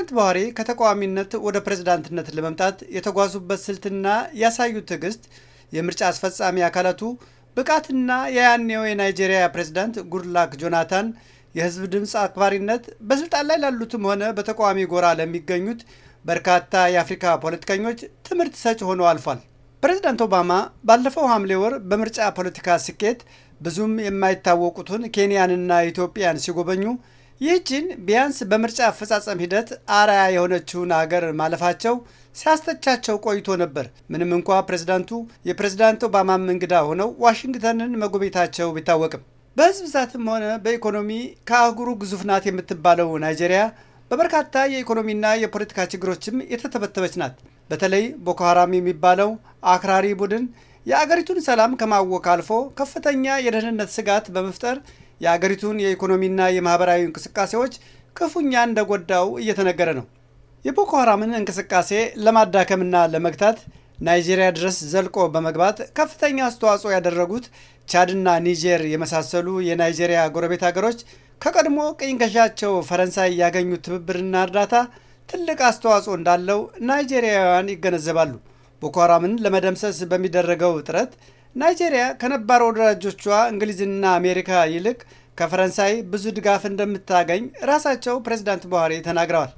ፕሬዚዳንት ቡሃሪ ከተቃዋሚነት ወደ ፕሬዝዳንትነት ለመምጣት የተጓዙበት ስልትና ያሳዩት ትዕግስት የምርጫ አስፈጻሚ አካላቱ ብቃትና የያኔው የናይጄሪያ ፕሬዝዳንት ጉድላክ ጆናታን የህዝብ ድምፅ አክባሪነት በስልጣን ላይ ላሉትም ሆነ በተቃዋሚ ጎራ ለሚገኙት በርካታ የአፍሪካ ፖለቲከኞች ትምህርት ሰጭ ሆኖ አልፏል። ፕሬዝዳንት ኦባማ ባለፈው ሐምሌ ወር በምርጫ ፖለቲካ ስኬት ብዙም የማይታወቁትን ኬንያንና ኢትዮጵያን ሲጎበኙ ይህችን ቢያንስ በምርጫ አፈጻጸም ሂደት አርአያ የሆነችውን አገር ማለፋቸው ሲያስተቻቸው ቆይቶ ነበር። ምንም እንኳ ፕሬዚዳንቱ የፕሬዝዳንት ኦባማም እንግዳ ሆነው ዋሽንግተንን መጎብኘታቸው ቢታወቅም በህዝብ ብዛትም ሆነ በኢኮኖሚ ከአህጉሩ ግዙፍ ናት የምትባለው ናይጄሪያ በበርካታ የኢኮኖሚና የፖለቲካ ችግሮችም የተተበተበች ናት። በተለይ ቦኮ ሀራም የሚባለው አክራሪ ቡድን የአገሪቱን ሰላም ከማወክ አልፎ ከፍተኛ የደህንነት ስጋት በመፍጠር የአገሪቱን የኢኮኖሚና የማህበራዊ እንቅስቃሴዎች ክፉኛ እንደጎዳው እየተነገረ ነው። የቦኮ ሐራምን እንቅስቃሴ ለማዳከምና ለመግታት ናይጄሪያ ድረስ ዘልቆ በመግባት ከፍተኛ አስተዋጽኦ ያደረጉት ቻድና ኒጀር የመሳሰሉ የናይጄሪያ ጎረቤት ሀገሮች ከቀድሞ ቅኝ ገዣቸው ፈረንሳይ ያገኙት ትብብርና እርዳታ ትልቅ አስተዋጽኦ እንዳለው ናይጄሪያውያን ይገነዘባሉ። ቦኮ ሐራምን ለመደምሰስ በሚደረገው ጥረት ናይጄሪያ ከነባር ወዳጆቿ እንግሊዝና አሜሪካ ይልቅ ከፈረንሳይ ብዙ ድጋፍ እንደምታገኝ ራሳቸው ፕሬዚዳንት ቡሃሪ ተናግረዋል።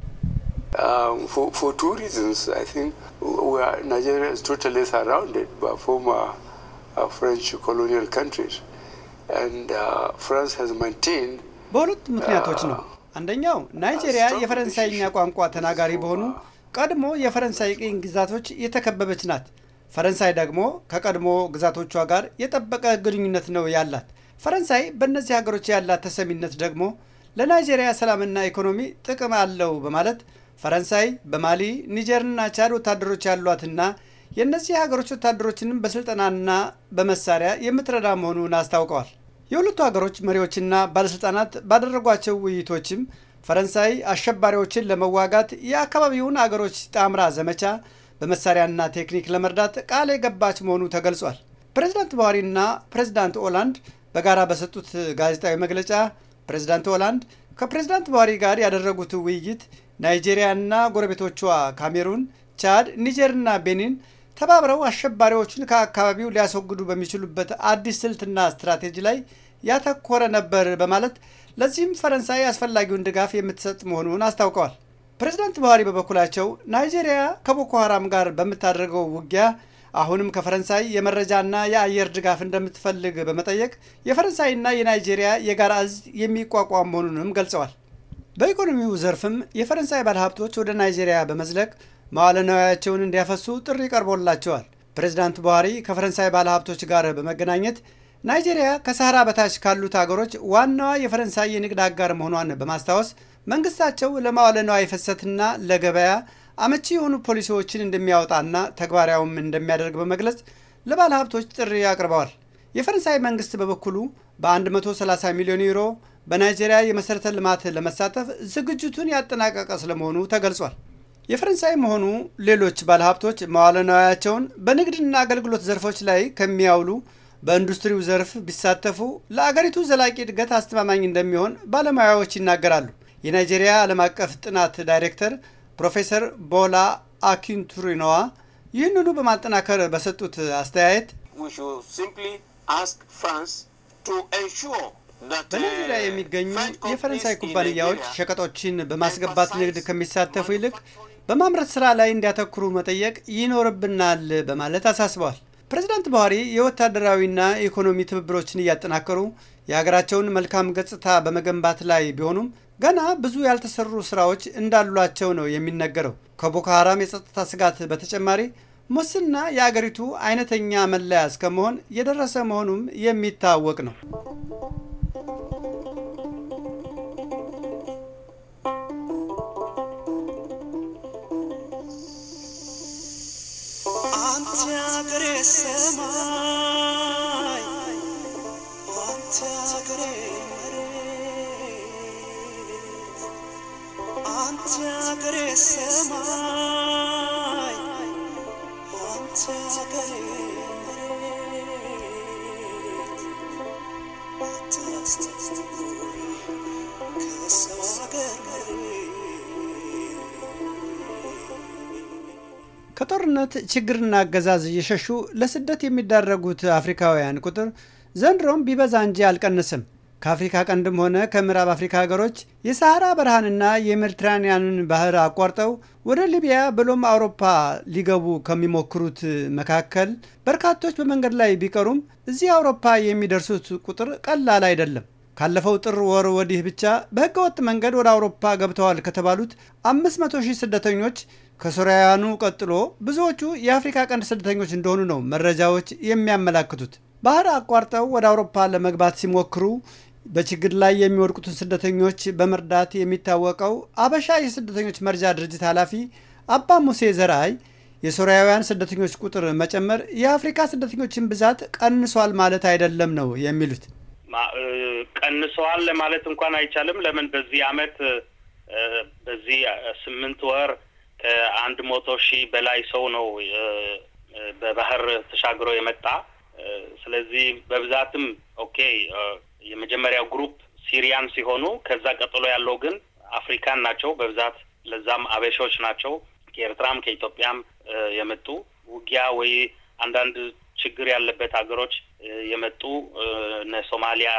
በሁለት ምክንያቶች ነው። uh, አንደኛው ናይጄሪያ የፈረንሳይኛ ቋንቋ ተናጋሪ በሆኑ ቀድሞ የፈረንሳይ ቅኝ ግዛቶች የተከበበች ናት። ፈረንሳይ ደግሞ ከቀድሞ ግዛቶቿ ጋር የጠበቀ ግንኙነት ነው ያላት። ፈረንሳይ በእነዚህ ሀገሮች ያላት ተሰሚነት ደግሞ ለናይጄሪያ ሰላምና ኢኮኖሚ ጥቅም አለው በማለት ፈረንሳይ በማሊ ኒጀርና ቻድ ወታደሮች ያሏትና የእነዚህ ሀገሮች ወታደሮችንም በስልጠናና በመሳሪያ የምትረዳ መሆኑን አስታውቀዋል። የሁለቱ ሀገሮች መሪዎችና ባለሥልጣናት ባደረጓቸው ውይይቶችም ፈረንሳይ አሸባሪዎችን ለመዋጋት የአካባቢውን አገሮች ጣምራ ዘመቻ በመሳሪያና ቴክኒክ ለመርዳት ቃል የገባች መሆኑ ተገልጿል። ፕሬዚዳንት ቡሃሪና ፕሬዚዳንት ኦላንድ በጋራ በሰጡት ጋዜጣዊ መግለጫ ፕሬዚዳንት ኦላንድ ከፕሬዚዳንት ቡሃሪ ጋር ያደረጉት ውይይት ናይጄሪያና ጎረቤቶቿ ካሜሩን፣ ቻድ፣ ኒጀርና ቤኒን ተባብረው አሸባሪዎቹን ከአካባቢው ሊያስወግዱ በሚችሉበት አዲስ ስልትና ስትራቴጂ ላይ ያተኮረ ነበር በማለት ለዚህም ፈረንሳይ አስፈላጊውን ድጋፍ የምትሰጥ መሆኑን አስታውቀዋል። ፕሬዚዳንት ባህሪ በበኩላቸው ናይጄሪያ ከቦኮ ሀራም ጋር በምታደርገው ውጊያ አሁንም ከፈረንሳይ የመረጃና የአየር ድጋፍ እንደምትፈልግ በመጠየቅ የፈረንሳይና የናይጄሪያ የጋራ እዝ የሚቋቋም መሆኑንም ገልጸዋል። በኢኮኖሚው ዘርፍም የፈረንሳይ ባለሀብቶች ወደ ናይጄሪያ በመዝለቅ መዋለ እንዲያፈሱ ጥሪ ቀርቦላቸዋል። ፕሬዚዳንት ቡሃሪ ከፈረንሳይ ባለሀብቶች ጋር በመገናኘት ናይጄሪያ ከሰሃራ በታች ካሉት አገሮች ዋናዋ የፈረንሳይ የንግድ አጋር መሆኗን በማስታወስ መንግስታቸው ለማዋለ ንዋይ ፍሰትና ለገበያ አመቺ የሆኑ ፖሊሲዎችን እንደሚያወጣና ተግባራዊም እንደሚያደርግ በመግለጽ ለባለ ሀብቶች ጥሪ አቅርበዋል። የፈረንሳይ መንግስት በበኩሉ በ130 ሚሊዮን ዩሮ በናይጄሪያ የመሠረተ ልማት ለመሳተፍ ዝግጅቱን ያጠናቀቀ ስለመሆኑ ተገልጿል። የፈረንሳይ መሆኑ ሌሎች ባለሀብቶች መዋለ በንግድና አገልግሎት ዘርፎች ላይ ከሚያውሉ በኢንዱስትሪው ዘርፍ ቢሳተፉ ለአገሪቱ ዘላቂ እድገት አስተማማኝ እንደሚሆን ባለሙያዎች ይናገራሉ። የናይጄሪያ ዓለም አቀፍ ጥናት ዳይሬክተር ፕሮፌሰር ቦላ አኪንቱሪኖዋ ይህንኑ በማጠናከር በሰጡት አስተያየት uh, በናይጄሪያ የሚገኙ የፈረንሳይ ኩባንያዎች ሸቀጦችን በማስገባት ንግድ ከሚሳተፉ ይልቅ በማምረት ስራ ላይ እንዲያተኩሩ መጠየቅ ይኖርብናል በማለት አሳስበዋል። ፕሬዚዳንት ቡሃሪ የወታደራዊና ኢኮኖሚ ትብብሮችን እያጠናከሩ የሀገራቸውን መልካም ገጽታ በመገንባት ላይ ቢሆኑም ገና ብዙ ያልተሰሩ ስራዎች እንዳሏቸው ነው የሚነገረው። ከቦኮ ሀራም የጸጥታ ስጋት በተጨማሪ ሙስና የአገሪቱ አይነተኛ መለያ እስከመሆን የደረሰ መሆኑም የሚታወቅ ነው። ሰማይ አንተ መሬት ከሰው ከጦርነት ችግርና አገዛዝ እየሸሹ ለስደት የሚዳረጉት አፍሪካውያን ቁጥር ዘንድሮም ቢበዛ እንጂ አልቀንስም። ከአፍሪካ ቀንድም ሆነ ከምዕራብ አፍሪካ ሀገሮች የሰሐራ በረሃንና የሜዲትራንያንን ባህር አቋርጠው ወደ ሊቢያ ብሎም አውሮፓ ሊገቡ ከሚሞክሩት መካከል በርካቶች በመንገድ ላይ ቢቀሩም እዚህ አውሮፓ የሚደርሱት ቁጥር ቀላል አይደለም። ካለፈው ጥር ወር ወዲህ ብቻ በህገወጥ መንገድ ወደ አውሮፓ ገብተዋል ከተባሉት 500 ሺህ ስደተኞች ከሶሪያውያኑ ቀጥሎ ብዙዎቹ የአፍሪካ ቀንድ ስደተኞች እንደሆኑ ነው መረጃዎች የሚያመላክቱት። ባህር አቋርጠው ወደ አውሮፓ ለመግባት ሲሞክሩ በችግር ላይ የሚወድቁትን ስደተኞች በመርዳት የሚታወቀው አበሻ የስደተኞች መርጃ ድርጅት ኃላፊ አባ ሙሴ ዘራይ የሶሪያውያን ስደተኞች ቁጥር መጨመር የአፍሪካ ስደተኞችን ብዛት ቀንሷል ማለት አይደለም ነው የሚሉት። ቀንሰዋል ለማለት እንኳን አይቻልም። ለምን በዚህ አመት በዚህ ስምንት ወር ከአንድ መቶ ሺህ በላይ ሰው ነው በባህር ተሻግሮ የመጣ። ስለዚህ በብዛትም ኦኬ የመጀመሪያው ግሩፕ ሲሪያን ሲሆኑ ከዛ ቀጥሎ ያለው ግን አፍሪካን ናቸው በብዛት ለዛም አበሻዎች ናቸው። ከኤርትራም ከኢትዮጵያም የመጡ ውጊያ ወይ አንዳንድ ችግር ያለበት ሀገሮች የመጡ እነ ሶማሊያ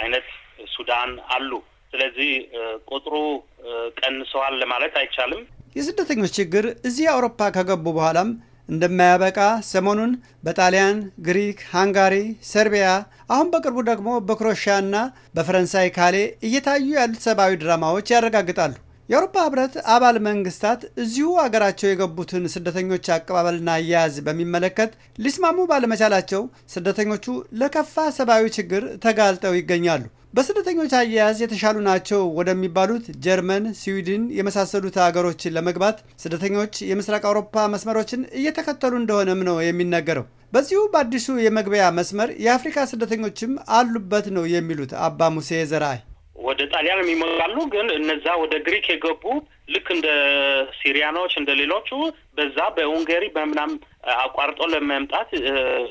አይነት ሱዳን አሉ። ስለዚህ ቁጥሩ ቀንሰዋል ለማለት አይቻልም። የስደተኞች ችግር እዚህ አውሮፓ ከገቡ በኋላም እንደማያበቃ ሰሞኑን በጣሊያን፣ ግሪክ፣ ሃንጋሪ፣ ሰርቢያ አሁን በቅርቡ ደግሞ በክሮሺያ እና በፈረንሳይ ካሌ እየታዩ ያሉት ሰብአዊ ድራማዎች ያረጋግጣሉ። የአውሮፓ ህብረት አባል መንግስታት እዚሁ አገራቸው የገቡትን ስደተኞች አቀባበልና አያያዝ በሚመለከት ሊስማሙ ባለመቻላቸው ስደተኞቹ ለከፋ ሰብአዊ ችግር ተጋልጠው ይገኛሉ። በስደተኞች አያያዝ የተሻሉ ናቸው ወደሚባሉት ጀርመን፣ ስዊድን የመሳሰሉት ሀገሮችን ለመግባት ስደተኞች የምስራቅ አውሮፓ መስመሮችን እየተከተሉ እንደሆነም ነው የሚነገረው። በዚሁ በአዲሱ የመግቢያ መስመር የአፍሪካ ስደተኞችም አሉበት ነው የሚሉት አባ ሙሴ ዘርአይ ወደ ጣሊያንም ይመጣሉ። ግን እነዛ ወደ ግሪክ የገቡ ልክ እንደ ሲሪያኖች እንደ ሌሎቹ በዛ በኡንገሪ በምናም አቋርጦ ለመምጣት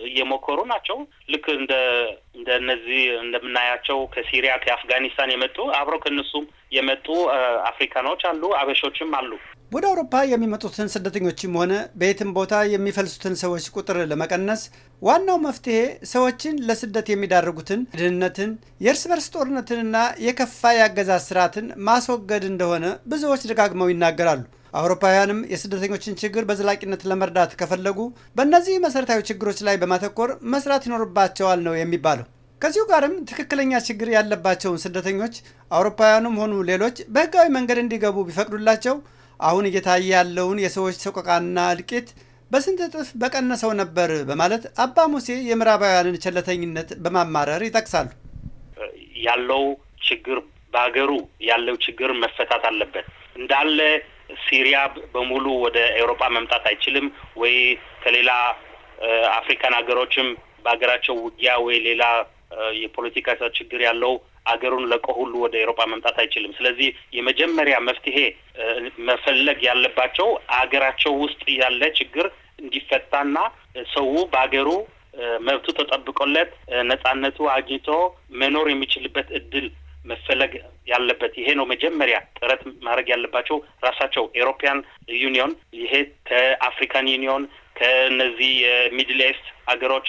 እየሞከሩ ናቸው። ልክ እንደ እንደ እነዚህ እንደምናያቸው ከሲሪያ ከአፍጋኒስታን የመጡ አብረው ከእነሱም የመጡ አፍሪካኖች አሉ፣ አበሾችም አሉ። ወደ አውሮፓ የሚመጡትን ስደተኞችም ሆነ በየትም ቦታ የሚፈልሱትን ሰዎች ቁጥር ለመቀነስ ዋናው መፍትሄ ሰዎችን ለስደት የሚዳርጉትን ድህነትን፣ የእርስ በርስ ጦርነትንና የከፋ የአገዛዝ ስርዓትን ማስወገድ እንደሆነ ብዙዎች ደጋግመው ይናገራሉ። አውሮፓውያንም የስደተኞችን ችግር በዘላቂነት ለመርዳት ከፈለጉ በእነዚህ መሰረታዊ ችግሮች ላይ በማተኮር መስራት ይኖርባቸዋል ነው የሚባለው። ከዚሁ ጋርም ትክክለኛ ችግር ያለባቸውን ስደተኞች አውሮፓውያኑም ሆኑ ሌሎች በህጋዊ መንገድ እንዲገቡ ቢፈቅዱላቸው አሁን እየታየ ያለውን የሰዎች ሰቆቃና እልቂት በስንት እጥፍ በቀነሰው ነበር በማለት አባ ሙሴ የምዕራባውያንን ቸለተኝነት በማማረር ይጠቅሳሉ። ያለው ችግር በሀገሩ ያለው ችግር መፈታት አለበት እንዳለ ሲሪያ በሙሉ ወደ ኤውሮጳ መምጣት አይችልም ወይ ከሌላ አፍሪካን ሀገሮችም በሀገራቸው ውጊያ ወይ ሌላ የፖለቲካ ችግር ያለው አገሩን ለቆ ሁሉ ወደ ኤሮጳ መምጣት አይችልም። ስለዚህ የመጀመሪያ መፍትሄ መፈለግ ያለባቸው አገራቸው ውስጥ ያለ ችግር እንዲፈታና ሰው በሀገሩ መብቱ ተጠብቆለት ነጻነቱ አግኝቶ መኖር የሚችልበት እድል መፈለግ ያለበት ይሄ ነው። መጀመሪያ ጥረት ማድረግ ያለባቸው ራሳቸው ኤሮፒያን ዩኒዮን ይሄ ከአፍሪካን ዩኒዮን ከእነዚህ የሚድል ኢስት ሀገሮች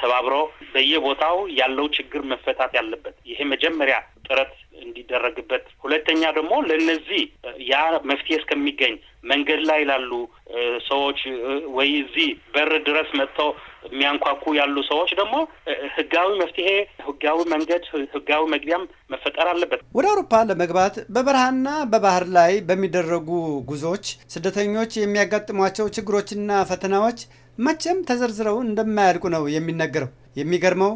ተባብሮ በየቦታው ያለው ችግር መፈታት ያለበት ይሄ መጀመሪያ ጥረት እንዲደረግበት፣ ሁለተኛ ደግሞ ለእነዚህ ያ መፍትሄ እስከሚገኝ መንገድ ላይ ላሉ ሰዎች ወይ እዚህ በር ድረስ መጥተው የሚያንኳኩ ያሉ ሰዎች ደግሞ ህጋዊ መፍትሄ፣ ህጋዊ መንገድ፣ ህጋዊ መግቢያም መፈጠር አለበት። ወደ አውሮፓ ለመግባት በበረሃና በባህር ላይ በሚደረጉ ጉዞዎች ስደተኞች የሚያጋጥሟቸው ችግሮችና ፈተናዎች መቼም ተዘርዝረው እንደማያልቁ ነው የሚነገረው። የሚገርመው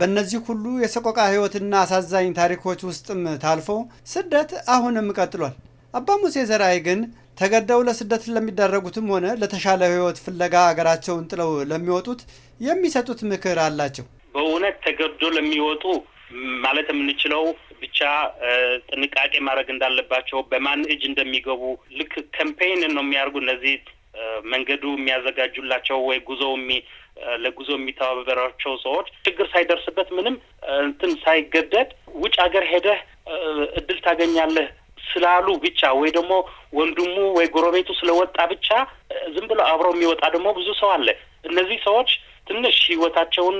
በእነዚህ ሁሉ የሰቆቃ ሕይወትና አሳዛኝ ታሪኮች ውስጥም ታልፎ ስደት አሁንም ቀጥሏል። አባ ሙሴ ዘርአይ ግን ተገደው ለስደት ለሚዳረጉትም ሆነ ለተሻለ ሕይወት ፍለጋ አገራቸውን ጥለው ለሚወጡት የሚሰጡት ምክር አላቸው። በእውነት ተገዶ ለሚወጡ ማለት የምንችለው ብቻ ጥንቃቄ ማድረግ እንዳለባቸው፣ በማን እጅ እንደሚገቡ ልክ ከምፔይን ነው የሚያደርጉ እነዚህ መንገዱ የሚያዘጋጁላቸው ወይ ጉዞ ለጉዞ የሚተባበራቸው ሰዎች ችግር ሳይደርስበት ምንም እንትን ሳይገደድ ውጭ ሀገር ሄደህ እድል ታገኛለህ ስላሉ ብቻ ወይ ደግሞ ወንድሙ ወይ ጎረቤቱ ስለወጣ ብቻ ዝም ብሎ አብሮ የሚወጣ ደግሞ ብዙ ሰው አለ። እነዚህ ሰዎች ትንሽ ህይወታቸውን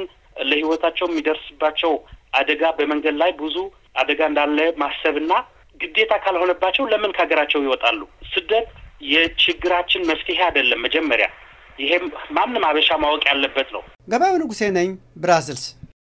ለህይወታቸው የሚደርስባቸው አደጋ በመንገድ ላይ ብዙ አደጋ እንዳለ ማሰብና ግዴታ ካልሆነባቸው ለምን ከሀገራቸው ይወጣሉ? ስደት የችግራችን መፍትሄ አይደለም። መጀመሪያ ይሄም ማንም አበሻ ማወቅ ያለበት ነው። ገበያው ንጉሴ ነኝ፣ ብራስልስ